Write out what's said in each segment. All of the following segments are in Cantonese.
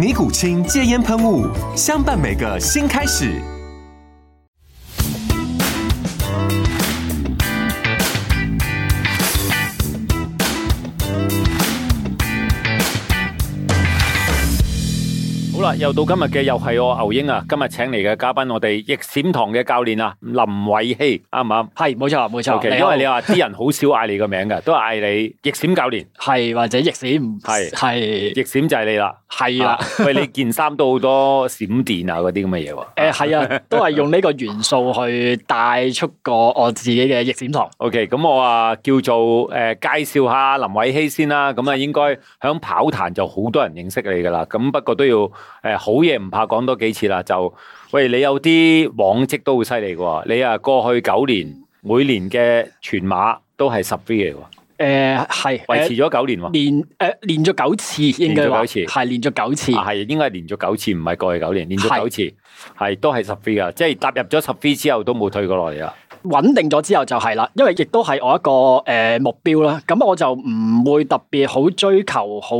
尼古清戒煙噴霧，相伴每個新開始。好啦，又到今日嘅又係我牛英啊！今日請嚟嘅嘉賓，我哋逆閃堂嘅教練啊，林偉熹啱唔啱？係，冇錯冇錯。因為你話啲人好少嗌你個名㗎，都嗌你逆閃教練，係或者逆閃唔係係逆閃就係你啦，係啦。喂，你件衫都好多閃電啊，嗰啲咁嘅嘢喎。誒，係啊，都係用呢個元素去帶出個我自己嘅逆閃堂。OK，咁我啊叫做誒介紹下林偉熹先啦。咁啊，應該響跑壇就好多人認識你㗎喇。咁不過都要。誒，好嘢唔怕講多幾次啦，就喂你有啲往績都好犀利嘅喎，你啊過去九年每年嘅全馬都係 Sub 3嚟喎。誒、呃，係維持咗九年喎。年誒、呃，連咗、呃、九次應該係連咗九次，係連咗九次，係、啊、應該係連咗九次，唔係過去九年連咗九次，係是都係 Sub 3嘅，即係踏入咗 Sub 3之後都冇退過落嚟啦。穩定咗之後就係啦，因為亦都係我一個誒目標啦。咁我就唔會特別好追求好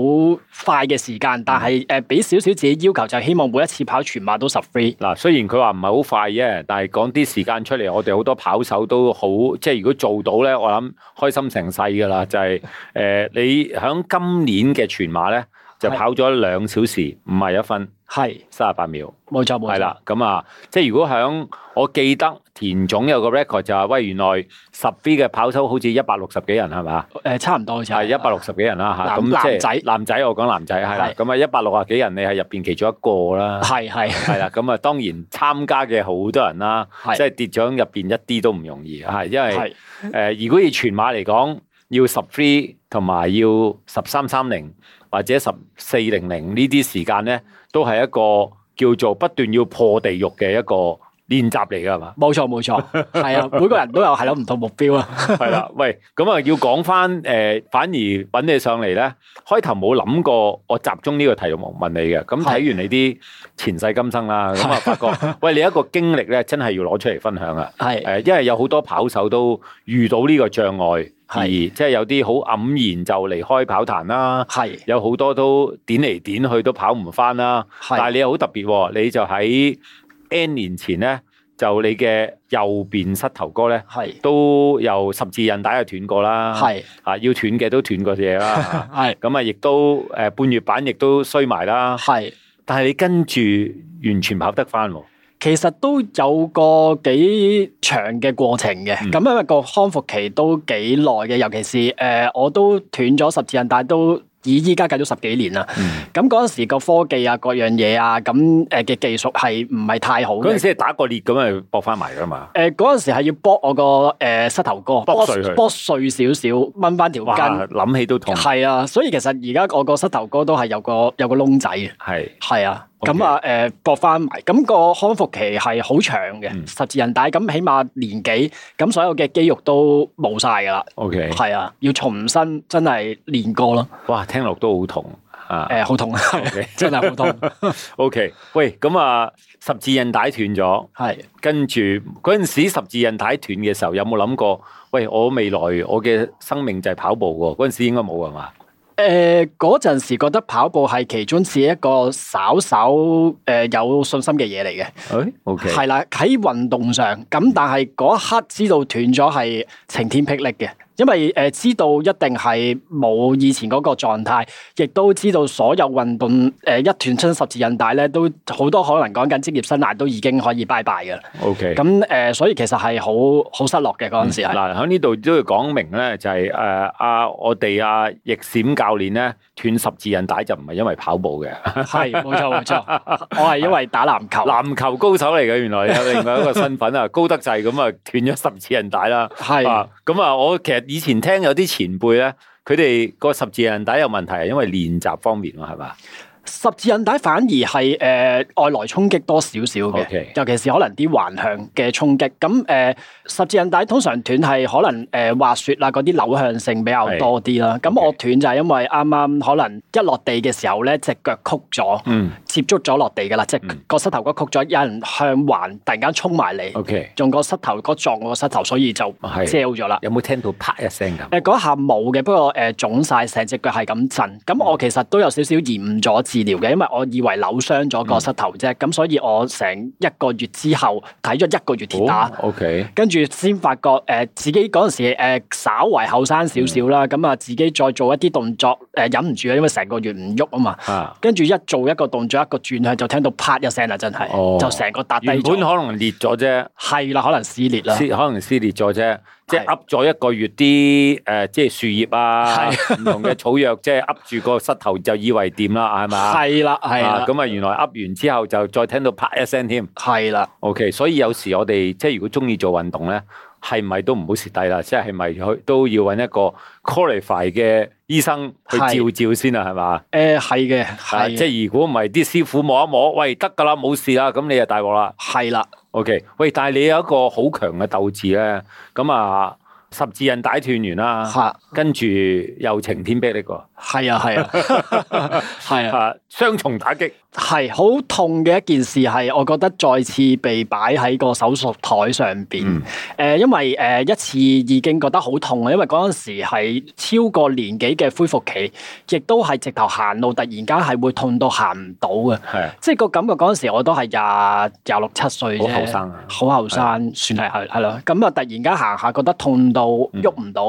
快嘅時間，但係誒俾少少自己要求，就希望每一次跑全馬都 sub 3。嗱、嗯，雖然佢話唔係好快啫，但係講啲時間出嚟，我哋好多跑手都好，即係如果做到咧，我諗開心成世噶啦。就係、是、誒、呃，你喺今年嘅全馬咧？就跑咗兩小時五十一分，係三十八秒，冇錯冇錯。係啦，咁啊，即係如果響我記得田總有個 record 就係，喂，原來十 V 嘅跑手好似一百六十幾人係咪？誒，差唔多就係一百六十幾人啦吓。咁男仔，男仔我講男仔係啦。咁啊，一百六十幾人你係入邊其中一個啦。係係係啦，咁啊，當然參加嘅好多人啦，即係跌獎入邊一啲都唔容易，係因為誒，如果以全馬嚟講，要十 V，同埋要十三三零。或者十四零零呢啲時間咧，都係一個叫做不斷要破地獄嘅一個練習嚟嘅，係嘛？冇錯冇錯，係 啊，每個人都有係有唔同目標啊。係 啦，喂，咁啊要講返誒，反而搵你上嚟咧，開頭冇諗過我集中呢個題目問你嘅，咁睇完你啲前世今生啦，咁啊的發覺， 喂你一個經歷咧，真係要攞出嚟分享啊。係誒的，因為有好多跑手都遇到呢個障礙。是而即係有啲好黯然就離開跑壇啦，是有好多都點嚟點去都跑唔翻啦。是但係你又好特別、啊，你就喺 N 年前咧，就你嘅右邊膝頭哥咧，是都由十字韌帶啊斷過啦，是啊要斷嘅都斷過嘢啦，咁啊亦都誒、呃、半月板亦都衰埋啦。是但係你跟住完全跑得翻喎、啊。其實都有個幾長嘅過程嘅，咁、嗯、因為個康復期都幾耐嘅，尤其是誒、呃、我都斷咗十字韌帶，都以依家計咗十幾年啦。咁嗰陣時個科技啊，各樣嘢啊，咁誒嘅技術係唔係太好。嗰陣時係打個裂咁咪搏翻埋噶嘛？誒、呃，嗰陣時係要駁我個誒膝頭哥，駁碎佢，駁碎少少，掹翻條筋。諗起都痛。係啊，所以其實而家我個膝頭哥都係有個有個窿仔嘅。係係是啊。咁啊，誒 Okay.、嗯，搏翻埋，咁、那個康復期係好長嘅，嗯、十字韌帶咁，起碼年幾，咁所有嘅肌肉都冇晒㗎啦。O K，係啊，要重新真係練過咯。哇，聽落都好痛啊！誒、呃，好痛啊！真係好痛。O Okay. K，okay. 喂，咁啊，十字韌帶斷咗，係跟住嗰陣時十字韌帶斷嘅時候，有冇諗過？喂，我未來我嘅生命就係跑步喎。嗰陣時應該冇係嘛？誒，嗰陣、呃、時覺得跑步係其中之一個稍稍誒、呃、有信心嘅嘢嚟嘅，誒，ok 係啦，喺運動上，咁但係嗰一刻知道斷咗係晴天霹靂嘅。因為誒知道一定係冇以前嗰個狀態，亦都知道所有運動誒，一斷穿十字韌帶咧，都好多可能講緊職業生涯都已經可以拜拜噶啦。OK，咁誒，所以其實係好好失落嘅嗰陣時。嗱喺呢度都要講明咧、就是，就係誒阿我哋啊逆閃教練咧，斷十字韌帶就唔係因為跑步嘅，係冇錯冇錯，錯 我係因為打籃球，籃球高手嚟嘅，原來有另外一個身份啊，高得滯咁啊斷咗十字韌帶啦，係啊，咁啊我其實。以前聽有啲前輩咧，佢哋個十字韌帶有問題，係因為練習方面喎，係嘛？十字韌帶反而係誒、呃、外來衝擊多少少嘅，Okay. 尤其是可能啲橫向嘅衝擊。咁誒、呃，十字韌帶通常斷係可能誒滑雪啊嗰啲扭向性比較多啲啦。咁是我斷就係因為啱啱可能一落地嘅時候咧，隻腳曲咗。嗯。接觸咗落地嘅啦，即係個膝頭哥曲咗，有人向環突然間衝埋嚟，用個膝頭哥撞個膝頭，所以就跌咗啦。有冇聽到啪一聲咁？誒嗰下冇嘅，不過誒腫曬成隻腳係咁震。咁我其實都有少少延誤咗治療嘅，因為我以為扭傷咗個膝頭啫。咁所以我成一個月之後睇咗一個月跌打，跟住先發覺誒自己嗰陣時誒稍為後生少少啦。咁啊自己再做一啲動作誒忍唔住，因為成個月唔喐啊嘛。跟住一做一個動作。一個轉向就聽到啪一聲啦，真係，就成個搭低咗。原本可能裂咗啫，係啦，可能撕裂啦，撕可能撕裂咗啫，即係噏咗一個月啲誒，即係樹葉啊，唔同嘅草藥，即係噏住個膝頭就以為掂啦，係咪？係啦，係啦，咁啊，原來噏完之後就再聽到啪一聲添，係啦。OK，所以有時我哋即係如果中意做運動咧，係咪都唔好蝕底啦？即係係咪去都要揾一個 qualify 嘅？醫生去照照先啦，啊，係嘛的？誒係嘅，係、呃啊、即係如果唔係啲師傅摸一摸，喂得㗎啦，冇事啦，咁你就大鑊啦。係啦是的，OK。喂，但係你有一個好強嘅鬥志咧，咁啊，十字韌帶斷完啦，是的 跟住又晴天霹靂喎。啊係啊，係 啊，雙重打擊。係好痛嘅一件事，係我覺得再次被擺喺個手術台上邊。誒、嗯呃，因為誒一次已經覺得好痛啊，因為嗰陣時係超過年紀嘅恢復期，亦都係直頭行路突然間係會痛到行唔到嘅。係的即係個感覺嗰陣時我都係廿廿六七歲好後生，好後生，算係係係咯。咁啊，突然間行下覺得痛到喐唔到，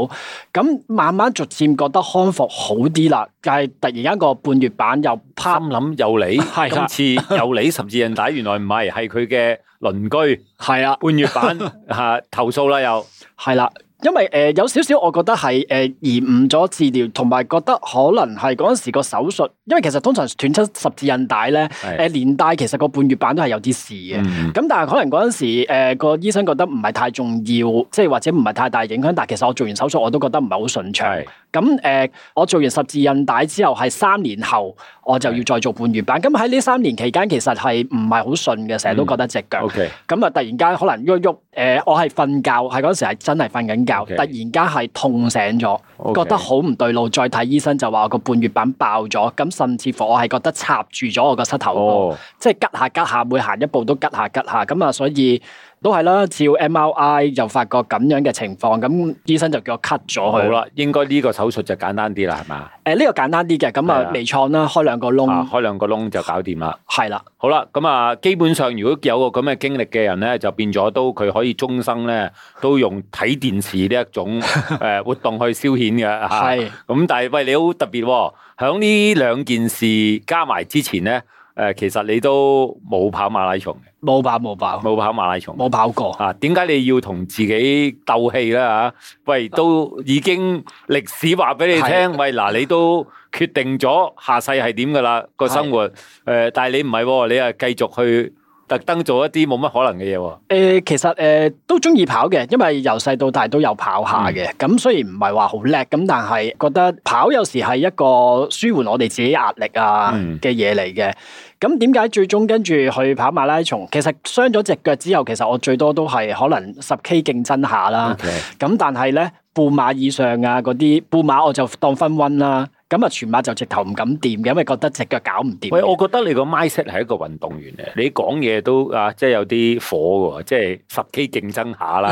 咁、嗯、慢慢逐漸覺得康復好啲啦，但係突然間個半月板又 pop 諗又嚟。 係，今次又嚟十字韌帶，原來唔係，係佢嘅鄰居。係啊，半月板吓 投訴啦又，係啦。因為誒、呃、有少少，我覺得係誒延誤咗治療，同埋覺得可能係嗰陣時個手術，因為其實通常斷出十字韌帶咧，誒連帶其實個半月板都係有啲事嘅。咁、嗯、但係可能嗰陣時誒、呃那個醫生覺得唔係太重要，即係或者唔係太大影響。但係其實我做完手術我都覺得唔係好順暢。咁誒是的、呃、我做完十字韌帶之後係三年後我就要再做半月板。咁喺呢三年期間其實係唔係好順嘅，成日都覺得隻腳、嗯嗯。咁、okay、啊突然間可能喐喐，誒、呃呃、我係瞓覺，係嗰陣時係真係瞓緊。Okay. 突然間係痛醒咗，Okay. 覺得好唔對路，再睇醫生就話個半月板爆咗，咁甚至乎我係覺得插住咗我個膝頭哥，Oh. 即係吉下吉下，每行一步都吉下吉下，咁啊所以。都係啦，照 MRI 就發覺咁樣嘅情況，咁醫生就叫我 cut 咗佢。好啦，應該呢個手術就簡單啲啦，係嘛？誒、呃，呢、這個簡單啲嘅，咁啊微創啦，的開兩個窿。啊，開兩個窿就搞掂啦。係啦的。好啦，咁啊，基本上如果有個咁嘅經歷嘅人咧，就變咗都佢可以終生咧，都用睇電視呢一種誒活動去消遣嘅。係 的。咁、啊、但係喂，你好特別喎、哦，響呢兩件事加埋之前咧，誒，其實你都冇跑馬拉松冇跑冇跑，冇跑馬拉松，冇跑過啊！點解你要同自己鬥氣咧？嚇、啊，喂，都已經歷史話畀你聽， 喂嗱、啊，你都決定咗下世係點噶啦個生活，誒、 呃，但係你唔係喎，你係繼續去。特登做一啲冇乜可能嘅嘢喎。其實誒、呃、都中意跑嘅，因為由細到大都有跑下嘅。咁、嗯、雖然唔係話好叻，咁但係覺得跑有時係一個舒緩我哋自己壓力啊嘅嘢嚟嘅。咁點解最終跟住去跑馬拉松？其實傷咗隻腳之後，其實我最多都係可能十 K 競爭下啦。咁 Okay. 但係咧，半馬以上啊，嗰啲半馬我就當分温啦。咁啊，全馬就直頭唔敢掂嘅，因為覺得隻腳搞唔掂。喂，我覺得你個 mindset 係一個運動員嚟，你講嘢都啊，即係有啲火嘅，即係十 K 競爭下啦，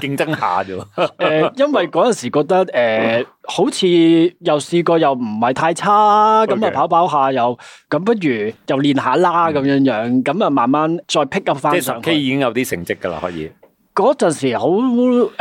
競 爭下啫。誒、 呃，因為嗰陣時覺得誒、呃，好似又試過又唔係太差，咁啊 Okay. 跑跑下又，咁不如又練下啦，咁樣、嗯、樣，咁啊慢慢再 pick up 翻去。即係十 K 已經有啲成績噶啦，可以。嗰陣時好誒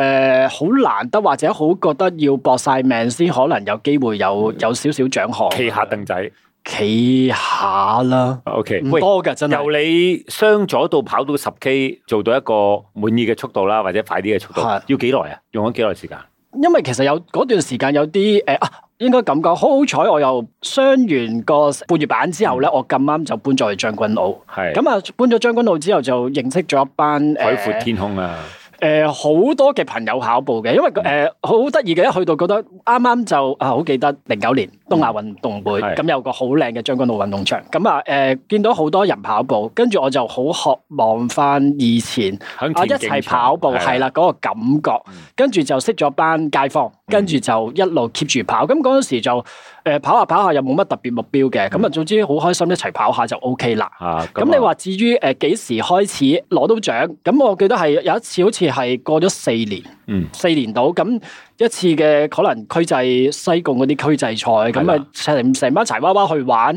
好難得，或者好覺得要搏晒命先可能有機會有有少少獎項，企下凳仔，企下啦。OK，唔會多㗎真係。由你雙左到跑到十 K，做到一個滿意嘅速度啦，或者快啲嘅速度，的要幾耐啊？用咗幾耐時間？因為其實有嗰段時間有啲誒啊。呃應該咁講好好彩，我又傷完個半月板之後咧，我咁啱就搬咗去將軍澳。係咁啊，搬咗將軍澳之後就認識咗一班海闊天空啊！誒，好多嘅朋友跑步嘅，因為誒好得意嘅，一去到覺得啱啱就啊，好記得零九年東亞運動會咁有個好靚嘅將軍澳運動場，咁啊誒見到好多人跑步，跟住我就好渴望翻以前啊一齊跑步係啦嗰個感覺，跟住就識咗班街坊。跟住就一路 keep 住跑，咁嗰陣時就誒、呃、跑下跑下又冇乜特別目標嘅，咁啊、嗯、總之好開心一齊跑一下就 OK 啦。啊，咁、啊、你話至於誒幾、呃、時開始攞到獎？咁我記得係有一次好似係過咗四年，嗯，四年到咁一次嘅可能區際西貢嗰啲區際賽，咁啊成成班柴娃娃去玩，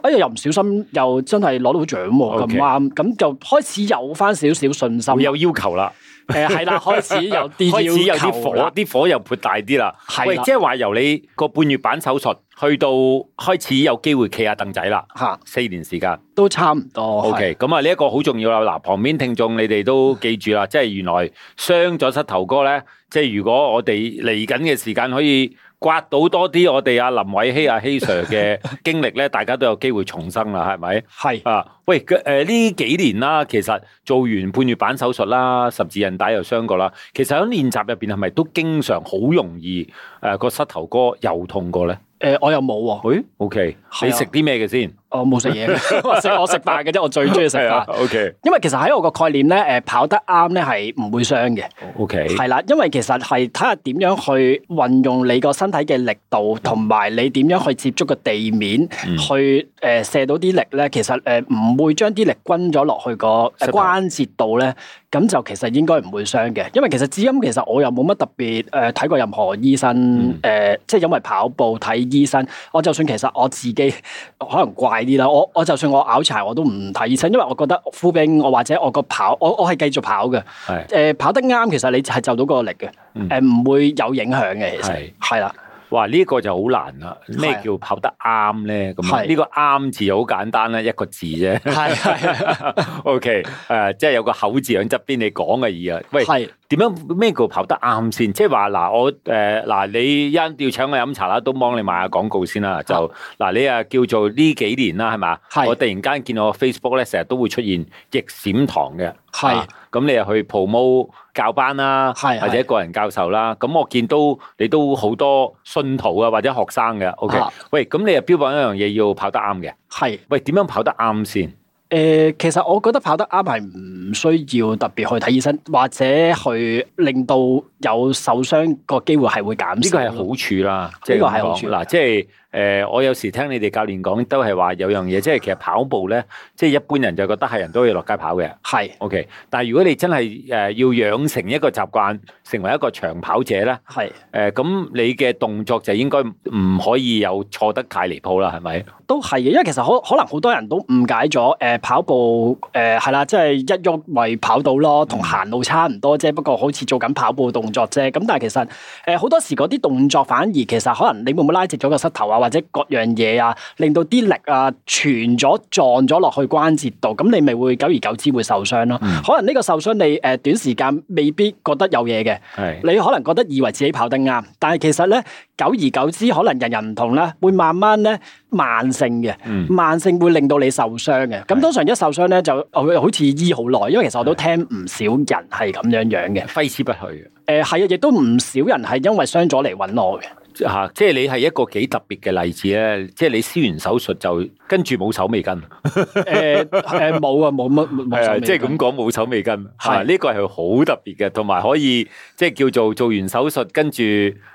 哎呀又唔小心又真係攞到獎喎，咁啱，咁 Okay, 就開始有返少少信心，有要求啦。誒，係啦，開始有啲開始有啲火啲 火又撥大啲啦。係，是的 即係話由你個半月板手術去到開始有機會企下凳仔啦。吓哈，四年時間都差唔多。OK，咁啊的，呢一個好重要啦。嗱，旁邊聽眾你哋都記住啦， 即係原來傷咗膝頭哥咧，即係如果我哋嚟緊嘅時間可以。刮到多啲我哋阿林偉熹阿、啊、希 Sir 嘅經歷咧， 大家都有機會重生啦，係咪？係啊是，喂，誒、呃、呢幾年啦，其實做完半月板手術啦，十字韌帶又傷過啦，其實喺練習入邊係咪都經常好容易誒個、呃、膝頭哥又痛過咧？誒、呃，我又冇喎、啊。喂、哎、OK，啊、你食啲咩嘅先？ 我冇食嘢嘅，我食我食飯嘅啫。我最中意食飯。Yeah , o okay . K，因為其實喺我個概念咧，誒跑得啱咧係唔會傷嘅。O K，係啦，因為其實係睇下點樣去運用你個身體嘅力度，同埋你點樣去接觸個地面，去誒射到啲力咧。其實誒唔會將啲力均咗落去個誒關節度咧，咁就其實應該唔會傷嘅。因為其實至今其實我又冇乜特別誒睇過任何醫生，誒、mm. 呃、即係因為跑步睇醫生，我就算其實我自己可能怪。我我就算我拗柴我都唔太熱身，因為我覺得敷冰，我或者我個跑，我我係繼續跑嘅。係誒是、呃，跑得啱，其實你就係就到個力嘅，誒唔、嗯、會有影響嘅。其實係啦，是哇，呢、這、一個就好難啦。咩叫跑得啱咧？咁呢是、這個啱字好簡單咧，一個字啫。係 係是。O K，誒，即係有個口字喺側邊，你講嘅意啊，喂。點樣，咩叫跑得啱先？即係話，嗱，我誒嗱、呃，你一陣要請我飲茶啦，都幫你買下廣告先啦。啊、就嗱，你啊叫做呢幾年啦，係嘛是？我突然間見到 Facebook 咧，成日都會出現逆閃堂嘅。係咁是，啊、你又去 promote 教班啦，或者個人教授啦。咁是、啊、我見到你都好多信徒啊，或者學生嘅。O、okay? K，是喂，咁你又標榜一樣嘢要跑得啱嘅。係是喂，點樣跑得啱先？誒，其實我覺得跑得啱係唔需要特別去睇醫生，或者去令到有受傷個機會係會減少。呢個係好處啦，呢個係好處啦，即係講嗱，即係。誒，我有時聽你哋教練講，都係話有樣嘢，即係其實跑步咧，即係一般人就覺得係人都要落街跑嘅。係，OK。但係如果你真係誒要養成一個習慣，成為一個長跑者咧，係。誒，咁你嘅動作就應該唔可以有錯得太離譜啦，係咪？都係嘅，因為其實可可能好多人都誤解咗誒跑步誒係啦，即係一喐咪跑到咯，同行路差唔多啫，不過好似做緊跑步動作啫。咁但係其實誒好多時嗰啲動作反而其實可能你會唔會拉直咗個膝頭啊？或者各樣嘢啊，令到啲力啊傳咗撞咗落去關節度，咁你咪會久而久之會受傷咯。嗯、可能呢個受傷你誒、呃、短時間未必覺得有嘢嘅，是的 你可能覺得以為自己跑得啱，但係其實咧久而久之，可能人人唔同啦，會慢慢咧慢性嘅，慢性會令到你受傷嘅。咁通常一受傷咧就好似醫好耐，因為其實我都聽唔少人係咁樣樣嘅，揮之不去嘅。誒係啊，亦都唔少人係因為傷咗嚟搵我嘅。吓、啊，即係你係一個幾特別嘅例子咧，即係你消完手術就跟住冇手尾跟。誒誒，冇啊，冇乜冇手尾跟，係即係咁講冇手尾跟。係呢個係好特別嘅，同埋可以即係叫做做完手術跟住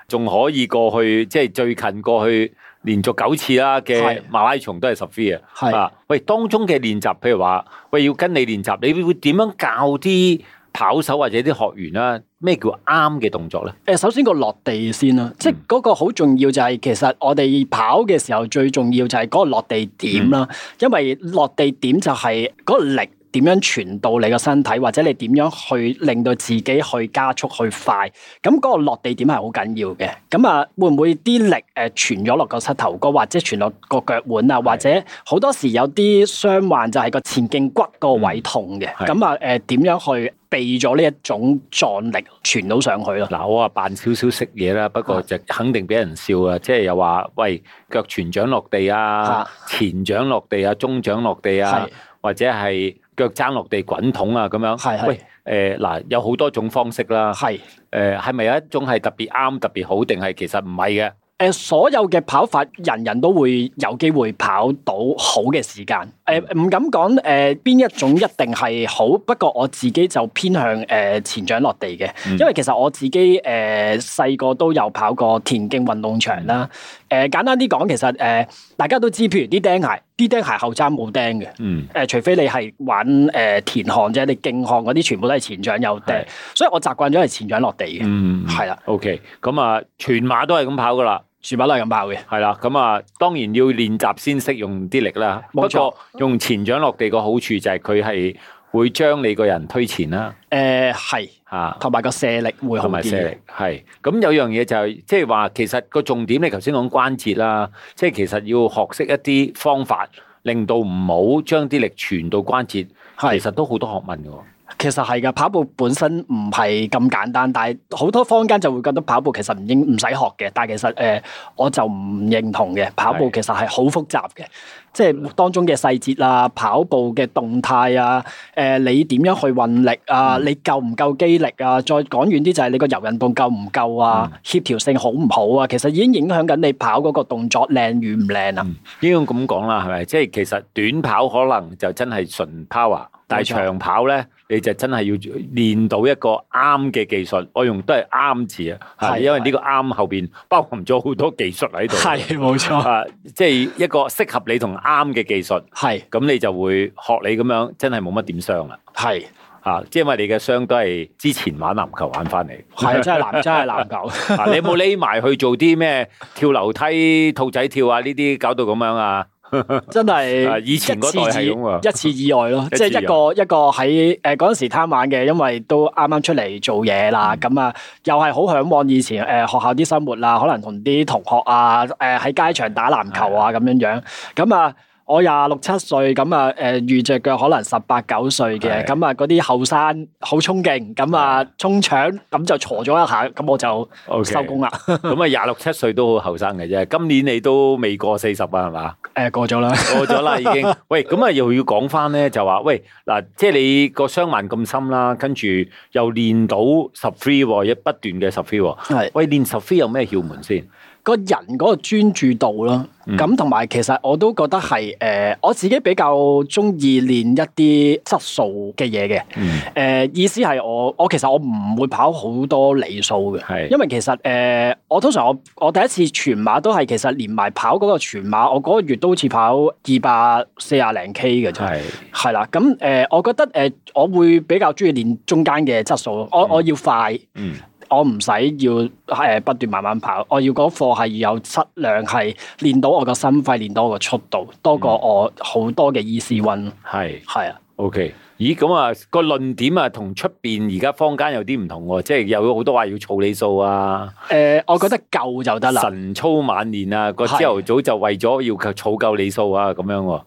仲可以過去，即係最近過去連續九次啦嘅馬拉松都係 Sub 3啊。係，喂當中嘅練習，譬如話喂要跟你練習，你會點樣教啲？跑手或者啲學員啦，咩叫啱嘅動作咧？首先個落地先啦，嗯、即係嗰個好重要就係、是、其實我哋跑嘅時候最重要就係嗰個落地點啦，嗯、因為落地點就係嗰個力。點樣傳到你個身體，或者你點樣去令到自己去加速去快？咁嗰個落地點係好緊要嘅。咁啊，會唔會啲力誒傳咗落個膝頭哥，或者傳落個腳腕啊？是的 或者好多時有啲傷患就係個前脛骨嗰個位痛嘅。咁是的 啊，誒，點樣去避咗呢一種撞力傳到上去咯？嗱、嗯啊，我啊扮少少識嘢啦，不過就肯定俾人笑啊！即、就、係、是、又話喂，腳全掌落地啊，啊前掌落地啊，中掌落地啊，的或者係。腳踭落地，滾筒啊咁樣，係係，喂，誒、呃、嗱，有好多種方式啦，係，誒係咪有一種係特別啱特別好定係其實唔係嘅？誒、呃、所有嘅跑法，人人都會有機會跑到好嘅時間，誒、呃、唔敢講誒邊一種一定係好，不過我自己就偏向誒、呃、前掌落地嘅，因為其實我自己誒細個都有跑過田徑運動場啦。嗯誒、呃、簡單啲講，其實誒、呃、大家都知，譬如啲釘鞋，啲釘鞋後踭冇釘嘅。嗯。誒、呃，除非你係玩誒、呃、田項啫，你徑項嗰啲全部都係前掌有釘，的所以我習慣咗係前掌落地嘅。嗯。係啦的。OK。咁啊，全馬都係咁跑㗎啦，全馬都係咁跑嘅。係啦。咁啊，當然要練習先識用啲力啦。冇錯。用前掌落地個好處就係佢係，會將你個人推前啦，誒係吓，同埋個射力會學啲嘅，係咁有樣嘢就係、是，即係話其實個重點你頭先講關節啦，即係其實要學識一啲方法，令到唔好將啲力傳到關節，係，其實都好多學問嘅。其實係噶，跑步本身唔係咁簡單，但係好多坊間就會覺得跑步其實唔應唔使學嘅，但係其實誒我就唔認同嘅，跑步其實係好複雜嘅。即係當中嘅細節啊，跑步嘅動態啊，誒你點樣去運力啊，你夠唔夠肌力啊？再講遠啲就係你個柔韌度夠唔夠啊？協調性好唔好啊？其實已經影響緊你跑嗰個動作靚與唔靚啊！應該咁講啦，係咪？即係其實短跑可能就真係純 power，但係長跑咧你就真係要練到一個啱嘅技術。我用都係啱字啊，係因為呢個啱後邊包含咗好多技術喺度。係冇錯啊，即係一個適合你同啱嘅技術係，咁是你就會學你咁樣，真係冇乜點傷啦。係是啊，即係因為你嘅傷都係之前玩籃球玩翻嚟。係真係籃， 真係籃球。 啊，你有冇匿埋去做啲咩跳樓梯、兔仔跳啊？呢啲搞到咁樣啊？真係 一次一次意外咯，即係 一，次用 一個一個喺誒嗰陣時貪玩嘅，因為都啱啱出嚟做嘢啦，咁啊又係好向往以前誒、呃、學校啲生活啦，可能同啲同學啊，誒、呃、喺街場打籃球啊咁樣樣，咁啊是的。嗯嗯我廿六七歲咁啊，誒，遇隻腳可能十八九歲嘅，咁啊，嗰啲後生好衝勁，咁的啊，衝搶，咁就挫咗一下，咁我就收工啦。咁啊、okay.，廿六七歲都好後生嘅啫。今年你都未過四十啊，係嘛？誒了，過咗啦，過咗啦，已經。 喂，咁啊，又要講翻咧，就話喂嗱，即係你個傷患咁深啦，跟住又練到 Sub 3一不斷嘅 Sub 3係喂，練 Sub 3有咩竅門先？ 個人嗰個專注度咯，咁同埋其實我都覺得係誒、呃，我自己比較中意練一啲質素嘅嘢嘅。誒、嗯呃，意思係我我其實我唔會跑好多里數嘅，係是因為其實誒、呃，我通常我我第一次全馬都係其實連埋跑嗰個全馬，我嗰個月都好似跑二百四廿零 k 嘅啫，係是啦。咁、呃、誒，我覺得誒、呃，我會比較中意練中間嘅質素，嗯、我我要快。嗯我唔使要誒不斷慢慢跑，我要嗰課係要有質量，係練到我個心肺，練到我個速度，多過我好多嘅 easy run。係係啊，OK。咦，咁、那、啊個論點啊同出面而家坊間有啲唔同喎，即係有好多話要儲里數啊。誒、呃，我覺得夠就得啦。晨操晚練啊，個朝頭早就為咗要儲夠里數啊，咁樣喎、啊。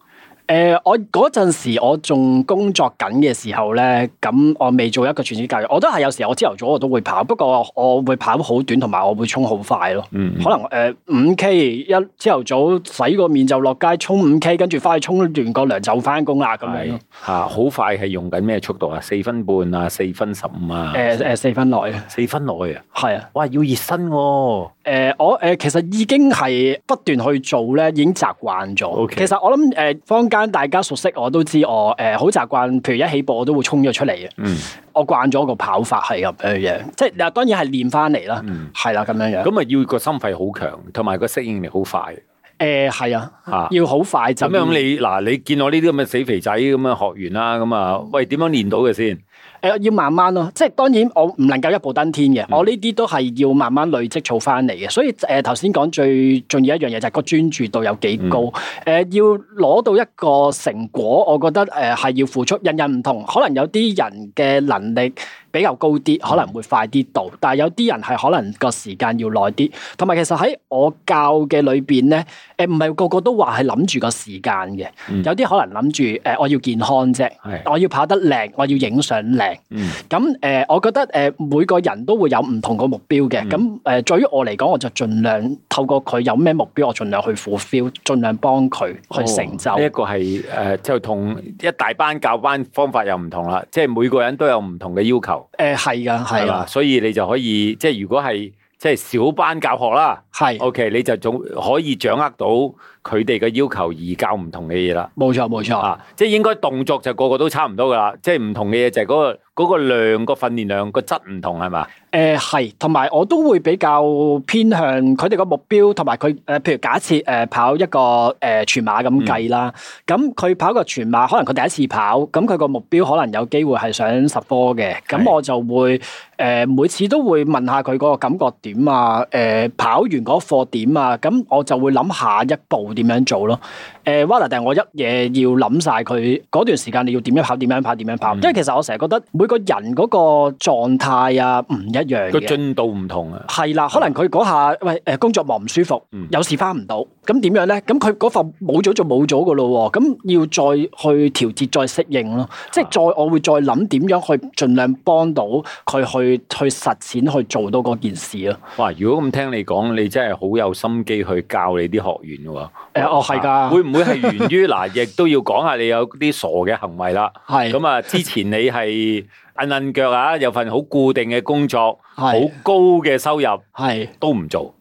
誒、呃，我嗰陣時我仲工作緊嘅時候咧，咁我未做一個全職教育，我都係有時候我朝頭早我都會跑，不過我會跑好短，同埋我會衝好快咯。嗯嗯可能誒五、呃、K 一朝頭早洗個面就落街衝五 K，跟住翻去沖完個涼就翻工啦咁樣。吓好、啊、快係用緊咩速度啊？四分半啊，四分十五啊？誒誒、呃，四分內，四分內啊。係啊，哇，要熱身喎、哦。誒、呃，我誒、呃、其實已經係不斷去做咧，已經習慣咗。Okay. 其實我諗誒坊間。坊大家熟悉我都知我誒好習慣，譬如一起步我都會衝咗出嚟嘅。嗯、我慣咗個跑法係咁樣、呃嗯、樣，即係嗱，當然係練翻嚟啦。係啦，咁樣樣，咁啊要個心肺好強，同埋個適應力好快。誒、呃，係啊，要好快就。咁、啊、樣你嗱，你見我呢啲咁嘅死肥仔咁啊學完啦，咁啊、嗯、喂，點樣練到嘅先？誒要慢慢咯，即係當然我唔能夠一步登天嘅，我呢啲都係要慢慢累積儲翻嚟嘅。所以誒頭先講最重要一樣嘢就係個專注度有幾高。誒要攞到一個成果，我覺得誒係要付出，人人唔同。可能有啲人嘅能力比較高啲，可能會快啲到，但係有啲人係可能個時間要耐啲。同埋其實喺我教嘅裏邊咧，誒唔係個個都話係諗住個時間嘅，有啲可能諗住誒我要健康啫，我要跑得靚，我要影相靚。嗯，咁、呃、誒，我覺得誒、呃，每個人都會有唔同個目標嘅，咁誒、嗯，在、呃、於我嚟講，我就盡量透過佢有咩目標，我盡量去 fulfill 盡量幫佢去成就。呢一、哦這個係誒、呃，就同一大班教班方法又唔同啦，即係每個人都有唔同嘅要求。誒、呃，係噶係噶，吧的所以你就可以，即係如果係即係小班教學啦，係的，OK，你就總可以掌握到。佢哋嘅要求而教唔同嘅嘢啦，冇錯冇錯，錯啊、即係應該動作就個個都差唔多噶啦，即係唔同嘅嘢，就係嗰、那個嗰、那個量個訓練量個質唔同係嘛？誒，係同埋我都會比較偏向佢哋個，目標同埋佢誒，譬如假設誒、呃、跑一個誒全、呃、馬咁計啦，咁佢、嗯、跑個全馬，可能佢第一次跑，咁佢個目標可能有機會係想十科嘅，咁是我就會誒、呃、每次都會問下佢嗰個感覺點啊，誒、呃、跑完嗰課點啊，咁我就會諗下一步。點樣做咯。誒，whatever，我一嘢要諗晒佢嗰段時間你要點樣跑，點樣跑，點樣跑，因為其實我成日覺得每個人嗰個狀態啊唔一樣嘅，個進度唔同啊，係啦，可能佢嗰下喂誒工作忙唔舒服，有事翻唔到，咁點樣咧？咁佢嗰份冇咗就冇咗噶咯，咁要再去調節、再適應咯，即係再我會再諗點樣去盡量幫到佢去去實踐去做到嗰件事咯。哇，如果咁聽你講，你真係好有心機去教你啲學員嘅喎，誒，哦係噶，會唔？會係源於嗱，亦 都要講下你有啲傻嘅行為啦。係咁啊，之前你係韌韌腳啊，有份好固定嘅工作，好是 高嘅收入是 不，係都唔做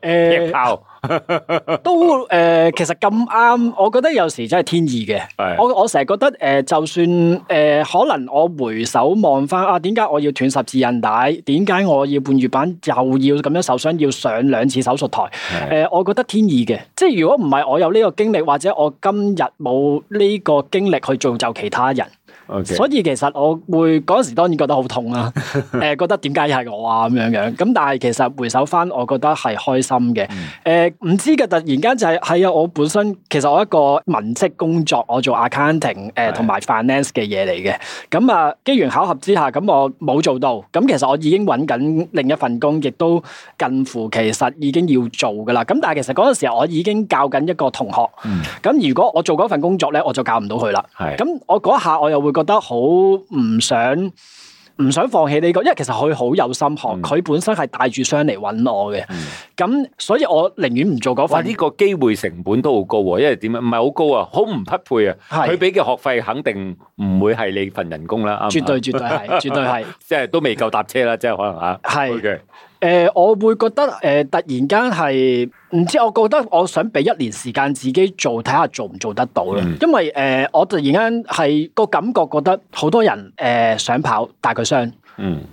踢炮。 都誒、呃，其實咁啱，我覺得有時真係天意嘅的。我我成日覺得誒、呃，就算誒、呃，可能我回首望翻啊，點解我要斷十字韌帶？點解我要半月板又要咁樣受傷？要上兩次手術台？誒的、呃，我覺得天意嘅。即係如果唔係我有呢個經歷，或者我今日冇呢個經歷去造就其他人。所以其實我會嗰陣時當然覺得好痛啦，誒，覺得點解係我啊咁樣樣，咁但係其實回首翻，我覺得係開心嘅，誒，唔知嘅，突然間就係係啊，我本身其實我一個文職工作，我做 accounting，誒，同埋 finance 嘅嘢嚟嘅，咁啊，機緣巧合之下，咁我冇做到，咁其實我已經揾緊另一份工，亦都近乎其實已經要做噶啦，咁但係其實嗰陣時我已經教緊一個同學，咁如果我做嗰份工作咧，我就教唔到佢啦，係，咁我嗰一下我又會。覺得好唔想唔想放棄呢個，因為其實佢好有心學，佢、嗯、本身係帶住傷嚟揾我嘅。咁、嗯、所以我寧願唔做嗰份。呢、這個機會成本都好高，因為點樣？唔係好高啊，好唔匹配啊。佢俾嘅學費肯定唔會係你份人工啦是吧。絕對絕對係，絕對係， 即係都未夠搭車啦，即係可能吓。係 是。Okay。誒，我會覺得誒，突然間係唔知，我覺得我想俾一年時間自己做，睇下做唔做得到啦。因為誒，我突然間係個感覺覺得好多人誒想跑，但佢傷，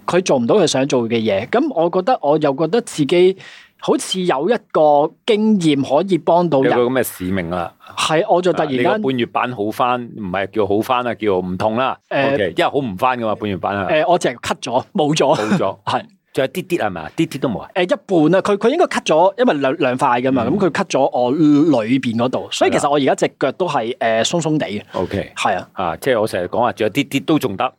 佢做唔到佢想做嘅嘢。咁我覺得我又覺得自己好似有一個經驗可以幫到人，有個咁嘅使命啦。係，我就突然間半月板好翻，唔係叫好翻啦，叫唔痛啦。誒，因為好唔翻噶嘛，半月板啊。誒，我淨係 cut 咗，冇咗，冇咗，係。仲有啲啲係咪啊？啲啲都冇啊？誒、呃，一半啊，佢佢應該 cut 咗，因為兩兩塊噶嘛，咁佢 cut 咗我裏邊嗰度，所以其實我而家隻腳都係誒鬆鬆地嘅。OK，係啊，啊，即係我成日講話，仲有啲啲都仲得，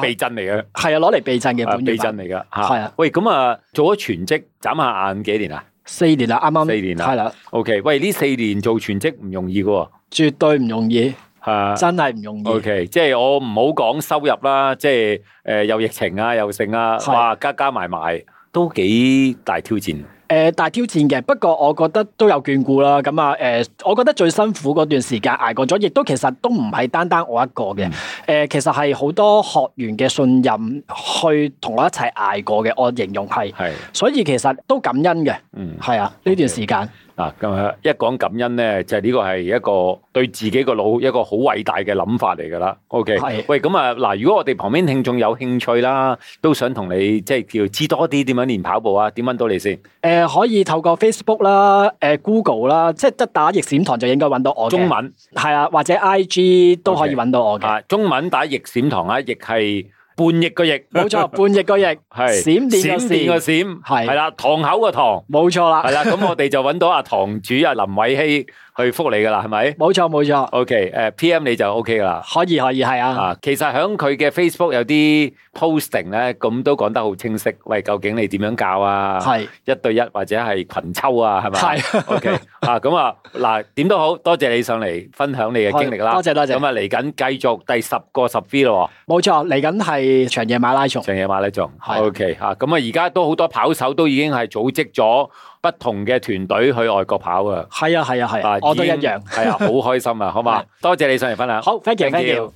避震嚟嘅，係啊，攞嚟避震嘅，避震嚟噶，係啊。喂，咁啊，做咗全職，眨下眼幾年啊？四年啦，啱啱。四年啦，係啦。OK，喂，呢四年做全職唔容易噶喎，絕對唔容易。啊、真係唔容易。O、okay, K，即係我唔好講收入啦，即係誒、呃、又疫情啊又剩啊，是哇加加埋埋都幾大挑戰。誒、呃、大挑戰嘅，不過我覺得都有眷顧啦。咁啊誒、呃，我覺得最辛苦嗰段時間捱過咗，亦都其實都唔係單單我一個嘅。誒、嗯呃，其實係好多學員嘅信任去同我一齊捱過嘅。我形容係，是所以其實都感恩嘅。嗯，係啊呢段時間。嗯嗯嗱咁啊，一講感恩咧，就係、係、呢個係一個對自己個腦一個好偉大嘅諗法嚟㗎啦。OK，係喂，咁啊，嗱，如果我哋旁邊聽眾有興趣啦，都想同你即係叫知多啲點樣練跑步啊，點樣揾到你先？誒、呃，可以透過 Facebook 啦、誒、呃、Google 啦，即係得打逆閃堂就應該揾到我。中文係啊，或者 IG 都可以揾到我嘅、okay? 啊。中文打逆閃堂啊，亦係。半翼個翼，冇錯，半翼個翼，係閃 是電個閃，係係啦，堂的口個堂，冇錯啦，係啦的，咁 我哋就揾到阿堂主阿林偉熹。去覆你噶啦，係咪？冇錯冇錯。OK，誒，PM 你就 OK 噶啦。可以可以，係啊。啊，其實喺佢嘅 Facebook 有啲 posting 咧，咁都講得好清晰。喂，究竟你點樣教啊？係是一對一或者係群抽啊？係咪？係。OK，啊，咁啊，嗱，點都好，多謝你上嚟分享你嘅經歷啦。多謝多謝。咁啊，嚟緊繼續第十個十 V 咯。冇錯，嚟緊係長野馬拉松。長野馬拉松。OK，啊，咁啊，而家都好多跑手都已經係組織咗。的不同嘅團隊去外國跑啊。係啊係啊係啊，啊啊我都一樣，係啊好開心啊，好嘛？係啊，多謝你上嚟分享，好 thank you thank you。